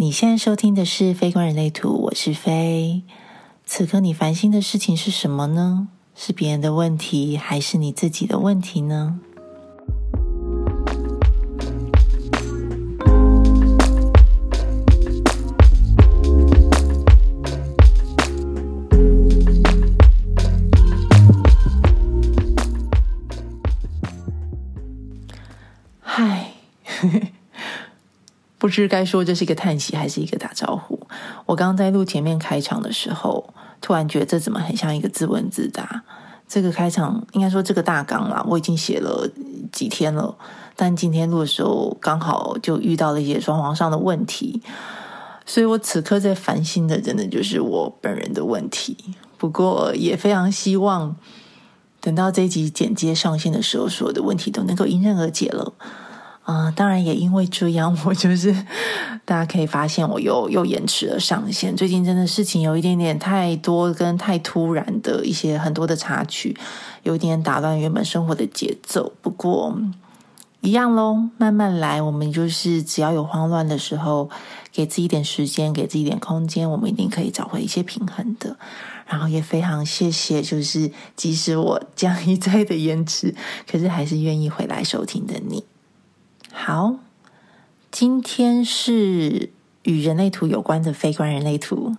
你現在收聽的是《Faye 觀人類圖》，我是 Faye。此刻你煩心的事情是什麼呢？是別人的問題，還是你自己的問題呢？是該說這是一個嘆息，還是一個打招呼？我剛剛在錄前面開場的時候，突然覺得這怎麼很像一個自問自答。這個開場應該說這個大綱啦，我已經寫了幾天了，但今天錄的時候剛好就遇到了一些裝潢上的問題，所以我此刻在煩心的，真的就是我本人的問題。不過也非常希望等到這一集剪接上線的時候，所有的問題都能夠迎刃而解了。啊、嗯，當然也因為這樣，我就是大家可以發現我又又延遲了上線。最近真的事情有一點點太多，跟太突然的一些很多的插曲，有一點打亂原本生活的節奏。不過、嗯、一樣嘍，慢慢來。我們就是只要有慌亂的時候，給自己一點時間，給自己一點空間，我們一定可以找回一些平衡的。然後也非常謝謝，就是即使我這樣一再的延遲，可是還是願意回來收聽的你。好，今天是與人類圖有關的 Faye 觀人類圖。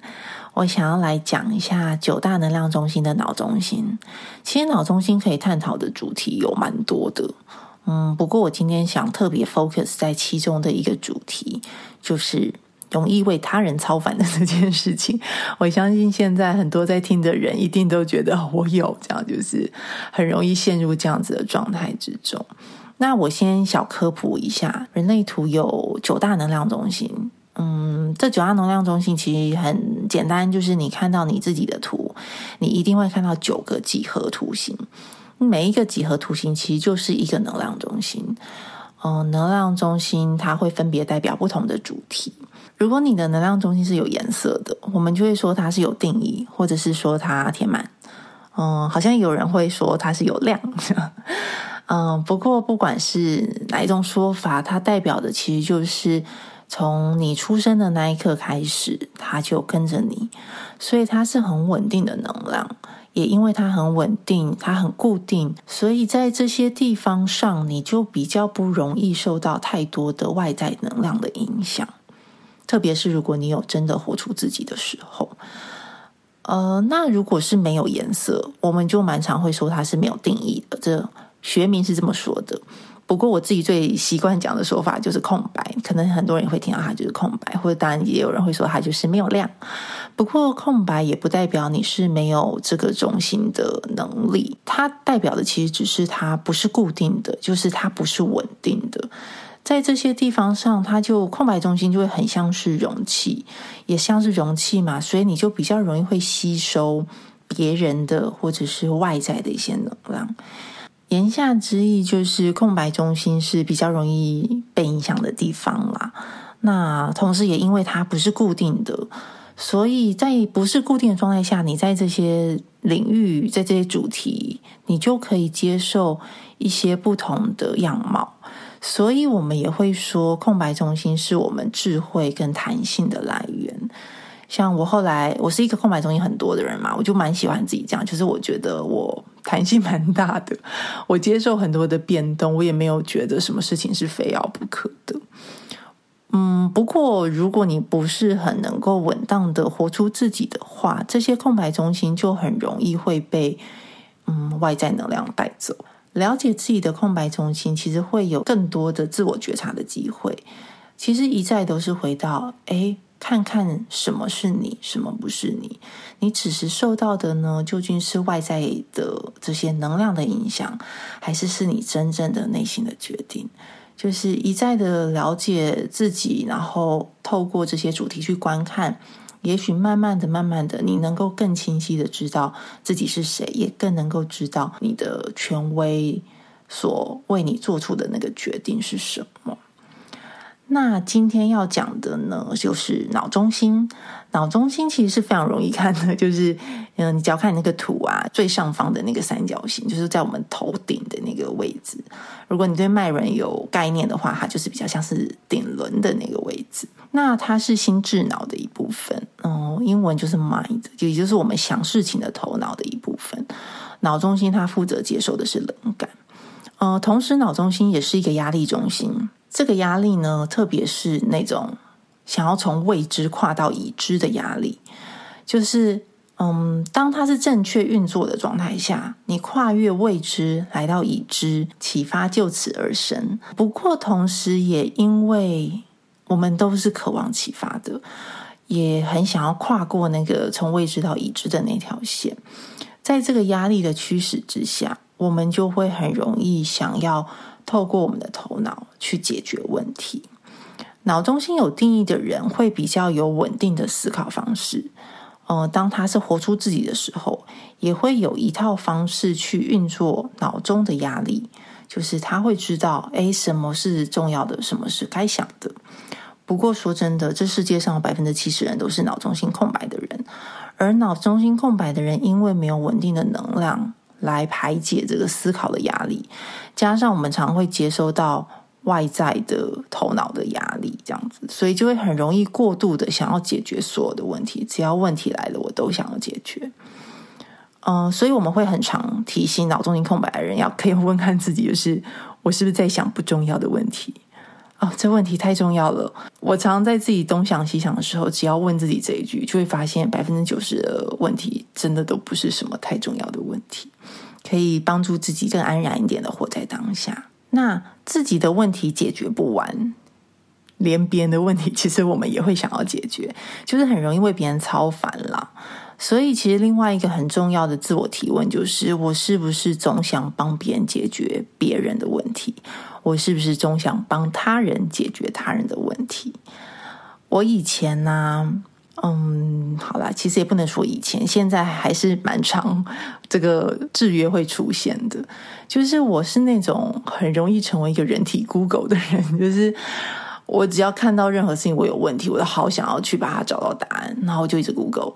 我想要來講一下九大能量中心的腦中心。其實腦中心可以探討的主題有蠻多的，嗯，不過我今天想特別 focus 在其中的一個主題，就是容易為他人操煩的這件事情。我相信現在很多在聽的人一定都覺得我有這樣，就是很容易陷入這樣子的狀態之中。那我先小科普一下，人類圖有九大能量中心。嗯，這九大能量中心其實很簡單，就是你看到你自己的圖，你一定會看到九個幾何圖形。每一個幾何圖形其實就是一個能量中心。嗯，能量中心它會分別代表不同的主題。如果你的能量中心是有顏色的，我們就會說它是有定義，或者是說它填滿。嗯，好像有人會說它是有量。 嗯，不過不管是哪一種說法，它代表的其實就是從你出生的那一刻開始，它就跟着你，所以它是很穩定的能量。也因為它很穩定，它很固定，所以在這些地方上，你就比較不容易受到太多的外在能量的影響。特別是如果你有真的活出自己的時候。呃，那如果是沒有顏色，我們就蠻常會說它是沒有定義的。這學名是這麼說的，不過我自己最習慣講的說法就是“空白”。可能很多人會聽到它就是“空白”，或者當然也有人會說它就是沒有量。不過“空白”也不代表你是沒有這個中心的能力，它代表的其實只是它不是固定的，就是它不是穩定的。在這些地方上，它就空白中心就會很像是容器，也像是容器嘛，所以你就比較容易會吸收別人的或者是外在的一些能量。言下之意就是，空白中心是比較容易被影響的地方啦。那同時也因為它不是固定的，所以在不是固定的狀態下，你在這些領域，在這些主題，你就可以接受一些不同的樣貌。所以我們也會說，空白中心是我們智慧跟彈性的來源。像我後來，我是一個空白中心很多的人嘛，我就蠻喜歡自己這樣，就是我覺得我彈性蠻大的，我接受很多的變動，我也沒有覺得什麼事情是非要不可的。嗯，不過如果你不是很能夠穩當的活出自己的話，這些空白中心就很容易會被嗯外在能量帶走。了解自己的空白中心，其實會有更多的自我覺察的機會。其實一再都是回到哎。誒看看什麼是你，什麼不是你。你此時受到的呢，究竟是外在的這些能量的影響，還是是你真正的內心的決定？就是一再的了解自己，然後透過這些主題去觀看。也許慢慢的、慢慢的，你能夠更清晰的知道自己是誰，也更能夠知道你的權威所為你做出的那個決定是什麼。那今天要講的呢，就是腦中心。腦中心其實是非常容易看的，就是嗯，你只要看你那個圖啊，最上方的那個三角形，就是在我們頭頂的那個位置。如果你對脈輪有概念的話，它就是比較像是頂輪的那個位置。那它是心智腦的一部分，哦、呃，英文就是 mind，也就是我們想事情的頭腦的一部分。腦中心它負責接受的是冷感，嗯、呃，同時腦中心也是一個壓力中心。這個壓力呢，特別是那種想要從未知跨到已知的壓力，就是，嗯，當它是正確運作的狀態下，你跨越未知來到已知，啟發就此而生。不過，同時也因為我們都是渴望啟發的，也很想要跨過那個從未知到已知的那條線，在這個壓力的驅使之下。我們就會很容易想要透過我們的頭腦去解決問題。腦中心有定義的人會比較有穩定的思考方式。呃，當他是活出自己的時候，也會有一套方式去運作腦中的壓力，就是他會知道，哎，什麼是重要的，什麼是該想的。不過說真的，這世界上百分之七十人都是腦中心空白的人，而腦中心空白的人，因為沒有穩定的能量，來排解這個思考的壓力，加上我們常會接收到外在的頭腦的壓力，這樣子，所以就會很容易過度的想要解決所有的問題。只要問題來了，我都想要解決。嗯，所以我們會很常提醒腦中心空白的人，要可以問看自己，就是我是不是在想不重要的問題。哦，這問題太重要了。我常在自己東想西想的時候，只要問自己這一句，就會發現百分之九十的問題真的都不是什麼太重要的問題，可以幫助自己更安然一點的活在當下。那自己的問題解決不完，連別人的問題，其實我們也會想要解決，就是很容易為別人操煩啦。所以，其實另外一個很重要的自我提問就是：我是不是總想幫別人解決別人的問題？我是不是總想幫他人解決他人的問題？我以前呢、啊，嗯，好啦，其實也不能說以前，現在還是蠻常這個制約會出現的。就是我是那種很容易成為一個人體 Google 的人，就是我只要看到任何事情我有問題，我都好想要去把它找到答案，然後就一直 Google。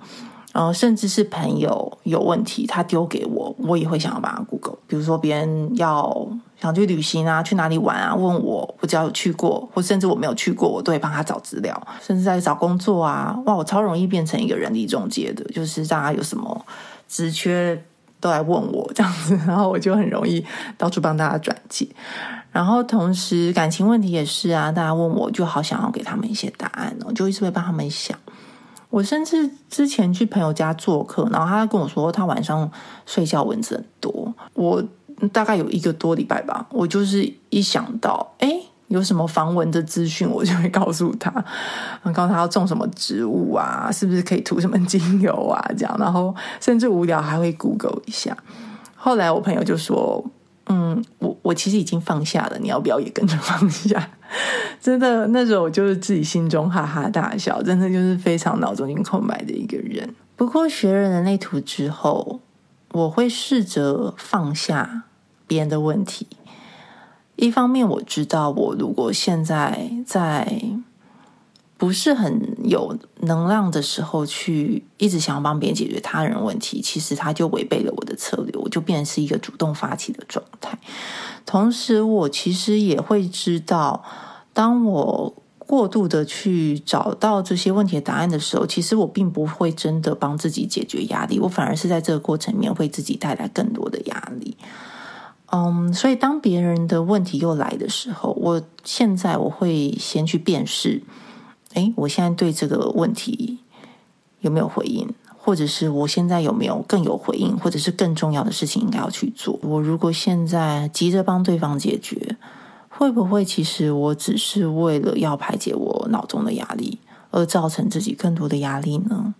然後甚至是朋友有問題，他丟給我，我也會想要幫他 Google。比如說別人要想去旅行啊，去哪裡玩啊，問我，我只要有去過，或甚至我沒有去過，我都會幫他找資料。甚至在找工作啊，哇，我超容易變成一個人力中介的，就是大家有什麼職缺，都來問我這樣子，然後我就很容易到處幫大家轉接。然後同時感情問題也是啊，大家問我就好想要給他們一些答案哦，我就一直會幫他們想。我甚至之前去朋友家做客，然後他跟我說他晚上睡覺蚊子很多。我大概有一個多禮拜吧，我就是一想到哎、欸、有什麼防蚊的資訊，我就會告訴他，告訴他要種什麼植物啊，是不是可以塗什麼精油啊，這樣。然後甚至無聊還會 Google 一下。後來我朋友就說，嗯，我。我其實已經放下了，你要不要也跟着放下？真的，那時候我就是自己心中哈哈大笑，真的就是非常腦中心空白的一個人。不過學了人類圖之後，我會試着放下別人的問題。一方面我知道，我如果現在在。不是很有能量的時候，去一直想要幫別人解決他人問題，其實他就違背了我的策略，我就變成是一個主動發起的狀態。同時，我其實也會知道，當我過度的去找到這些問題的答案的時候，其實我並不會真的幫自己解決壓力，我反而是在這個過程裡面為自己帶來更多的壓力。嗯，所以當別人的問題又來的時候，我現在我會先去辨識。哎，我現在對這個問題有沒有回應？或者是我現在有沒有更有回應？或者是更重要的事情應該要去做？我如果現在急着幫對方解決，會不會其實我只是為了要排解我腦中的壓力，而造成自己更多的壓力呢？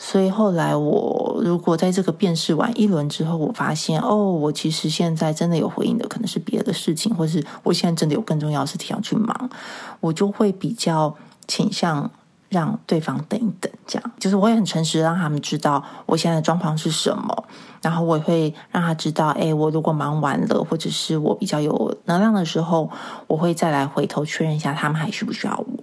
所以後來，我如果在這個辨識完一輪之後，我發現哦，我其實現在真的有回應的，可能是別的事情，或者是我現在真的有更重要的事情要去忙，我就會比較。傾向讓對方等一等，這樣就是我也很誠實，讓他們知道我現在的狀況是什麼。然後我也會讓他知道，哎，我如果忙完了，或者是我比較有能量的時候，我會再來回頭確認一下，他們還需不需要我。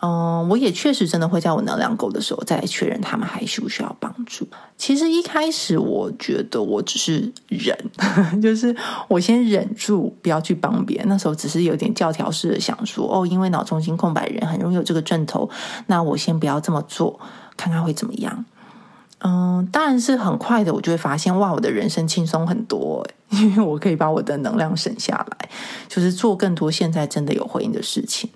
嗯，我也確實真的會在我能量夠的時候再來確認他們還需不需要幫助。其實一開始我覺得我只是忍，呵呵，就是我先忍住不要去幫別人。那時候只是有點教條式的想說，哦，因為腦中心空白人很容易有這個症頭，那我先不要這麼做，看看會怎麼樣。嗯，當然是很快的，我就會發現哇，我的人生輕鬆很多，欸，因為我可以把我的能量省下來，就是做更多現在真的有回應的事情。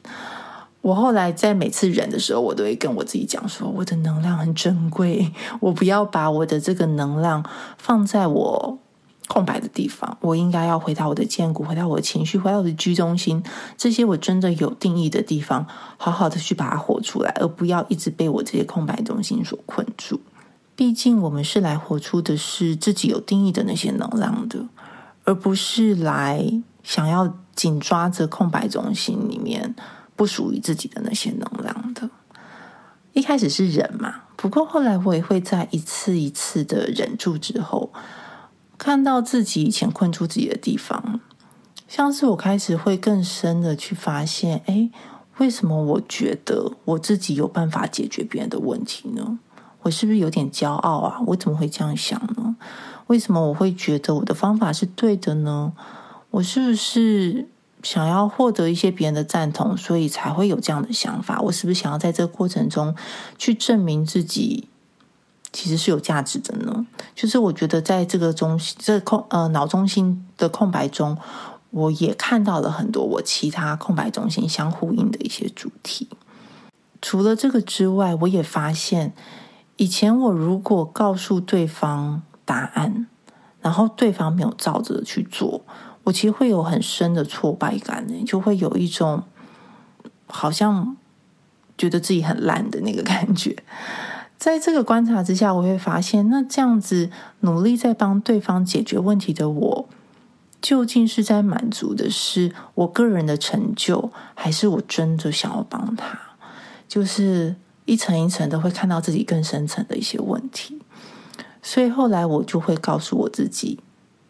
我後來在每次忍的時候，我都會跟我自己講說：“我的能量很珍貴，我不要把我的這個能量放在我空白的地方。我應該要回到我的薦骨，回到我的情緒，回到我的 G 中心，這些我真的有定義的地方，好好的去把它活出來，而不要一直被我這些空白中心所困住。畢竟，我們是來活出的是自己有定義的那些能量的，而不是來想要緊抓着空白中心裡面。”不屬於自己的那些能量的，一開始是忍嘛，不過後來我也會在一次一次的忍住之後，看到自己以前困住自己的地方，像是我開始會更深的去發現，哎，為什麼我覺得我自己有辦法解決別人的問題呢？我是不是有點驕傲啊？我怎麼會這樣想呢？為什麼我會覺得我的方法是對的呢？我是不是想要獲得一些別人的贊同，所以才會有這樣的想法。我是不是想要在這個過程中去證明自己其實是有價值的呢？就是我覺得在這個中心、這空、個、呃腦中心的空白中，我也看到了很多我其他空白中心相呼應的一些主題。除了這個之外，我也發現以前我如果告訴對方答案，然後對方沒有照着去做。我其實會有很深的挫敗感呢，就會有一種好像覺得自己很爛的那個感覺。在這個觀察之下，我會發現，那這樣子努力在幫對方解決問題的我，究竟是在滿足的是我個人的成就，還是我真的想要幫他？就是一層一層的會看到自己更深層的一些問題。所以後來我就會告訴我自己。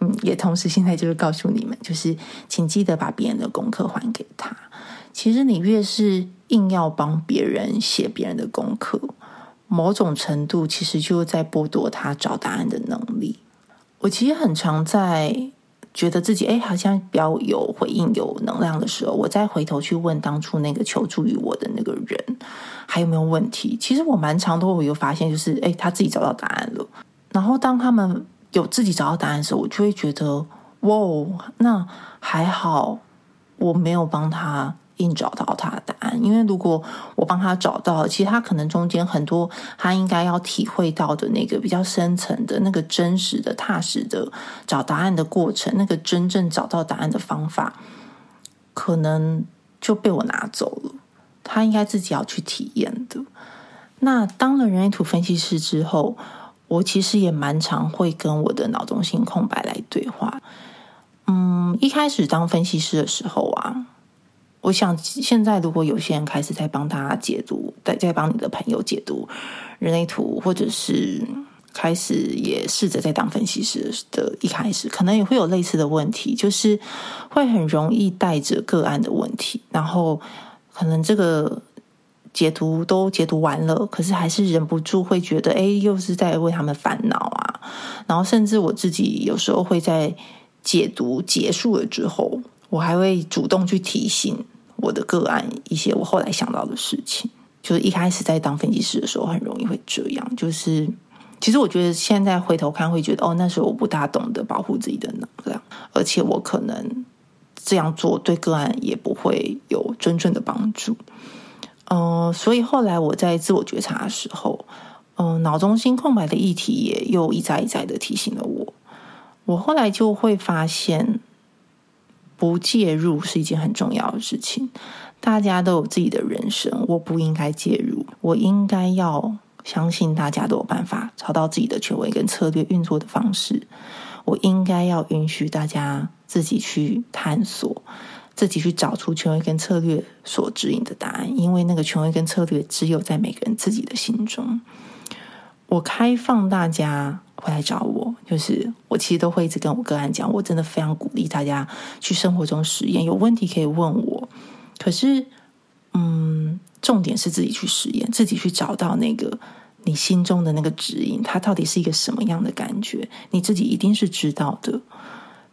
嗯，也同時現在就是告訴你們，就是請記得把別人的功課還給他。其實你越是硬要幫別人寫別人的功課，某種程度其實就在剝奪他找答案的能力。我其實很常在覺得自己哎，好像比較有回應、有能量的時候，我再回頭去問當初那個求助於我的那個人還有沒有問題。其實我蠻常都會有發現就是哎，他自己找到答案了。然後當他們。有自己找到答案的時候，我就會覺得，哇，那還好，我沒有幫他硬找到他的答案。因為如果我幫他找到了，其實他可能中間很多他應該要體會到的那個比較深層的那個真實的、踏實的找答案的過程，那個真正找到答案的方法，可能就被我拿走了。他應該自己要去體驗的。那當了人類圖分析師之後。我其實也蠻常會跟我的腦中心空白來對話。嗯，一開始當分析師的時候啊，我想現在如果有些人開始在幫他解讀，在在幫你的朋友解讀人類圖，或者是開始也試着在當分析師的一開始，可能也會有類似的問題，就是會很容易帶着個案的問題，然後可能這個。解讀都解讀完了，可是還是忍不住會覺得，誒，又是在為他們煩惱啊。然後甚至我自己有時候會在解讀結束了之後，我還會主動去提醒我的個案一些我後來想到的事情。就是一開始在當分析師的時候，很容易會這樣。就是其實我覺得現在回頭看，會覺得哦，那時候我不大懂得保護自己的能量，而且我可能這樣做對個案也不會有真正的幫助。呃，所以後來我在自我覺察的時候，呃，腦中心空白的議題也又一再一再的提醒了我。我後來就會發現，不介入是一件很重要的事情。大家都有自己的人生，我不應該介入，我應該要相信大家都有辦法找到自己的權威跟策略運作的方式。我應該要允許大家自己去探索。自己去找出權威跟策略所指引的答案，因為那個權威跟策略只有在每個人自己的心中。我開放大家會來找我，就是我其實都會一直跟我個案講，我真的非常鼓勵大家去生活中實驗，有問題可以問我。可是，嗯，重點是自己去實驗，自己去找到那個你心中的那個指引，它到底是一個什麼樣的感覺，你自己一定是知道的。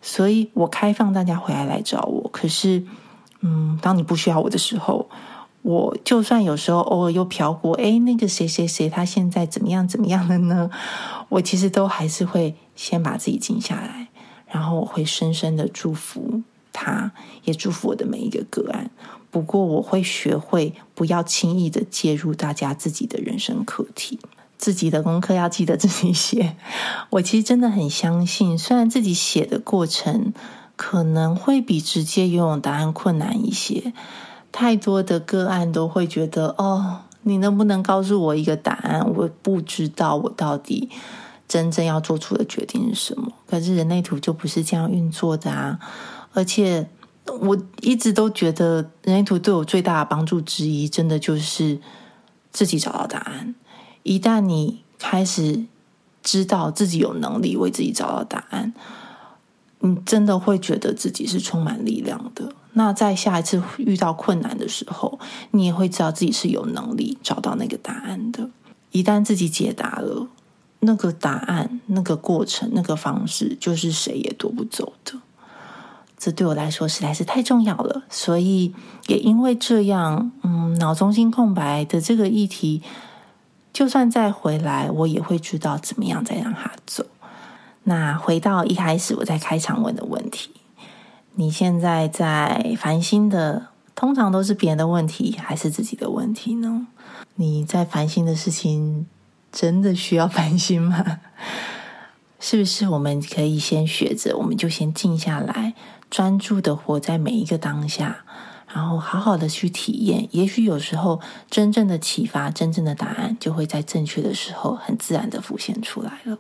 所以我開放大家回來來找我。可是，嗯，當你不需要我的時候，我就算有時候偶爾又飄過，誒，那個誰誰誰，他現在怎麼樣怎麼樣了呢？我其實都還是會先把自己靜下來，然後我會深深的祝福他，也祝福我的每一個個案。不過，我會學會不要輕易的介入大家自己的人生課題。自己的功課要記得自己寫。我其實真的很相信，雖然自己寫的過程可能會比直接擁有答案困難一些，太多的個案都會覺得：“哦，你能不能告訴我一個答案？”我不知道我到底真正要做出的決定是什麼。可是人類圖就不是這樣運作的啊！而且我一直都覺得，人類圖對我最大的幫助之一，真的就是自己找到答案。一旦你開始知道自己有能力為自己找到答案，你真的會覺得自己是充滿力量的。那在下一次遇到困難的時候，你也會知道自己是有能力找到那個答案的。一旦自己解答了那個答案，那個過程，那個方式，就是誰也奪不走的。這對我來說實在是太重要了，所以也因為這樣，嗯，腦中心空白的這個議題。就算再回來，我也會知道怎麼樣再讓他走。那回到一開始我在開場問的問題：你現在在煩心的，通常都是別人的問題，還是自己的問題呢？你在煩心的事情，真的需要煩心嗎？是不是我們可以先學着，我們就先靜下來，專注的活在每一個當下。然後好好的去體驗，也許有時候真正的啟發、真正的答案，就會在正確的時候很自然的浮現出來了。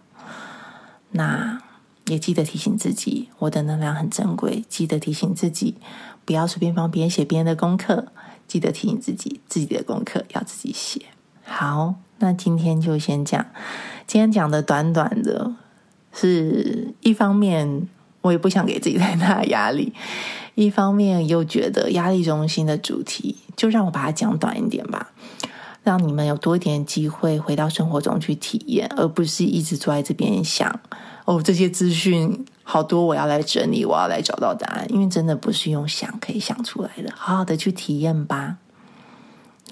那也記得提醒自己，我的能量很珍貴。記得提醒自己，不要隨便幫別人寫別人的功課。記得提醒自己，自己的功課要自己寫。好，那今天就先講。今天講的短短的，是一方面，我也不想給自己太大壓力。一方面又覺得壓力中心的主題，就讓我把它講短一點吧，讓你們有多一點機會回到生活中去體驗，而不是一直坐在這邊想，哦，這些資訊好多，我要來整理，我要來找到答案，因為真的不是用想可以想出來的，好好的去體驗吧。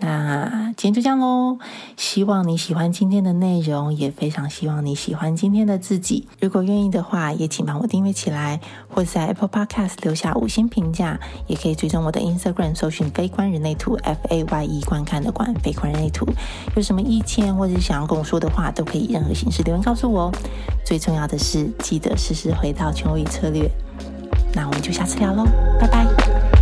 那今天就這樣嘍，希望你喜歡今天的內容，也非常希望你喜歡今天的自己。如果願意的話，也請幫我訂閱起來，或是在 Apple Podcast 留下五星評價，也可以追蹤我的 Instagram，搜尋 “Faye 觀人類圖 F A Y E” 觀看的觀 “Faye 觀人類圖” F A y e 類圖。有什麼意見或者是想要跟我說的話，都可以，以任何形式留言告訴我。最重要的是，記得實時回到權威策略。那我們就下次聊嘍，拜拜。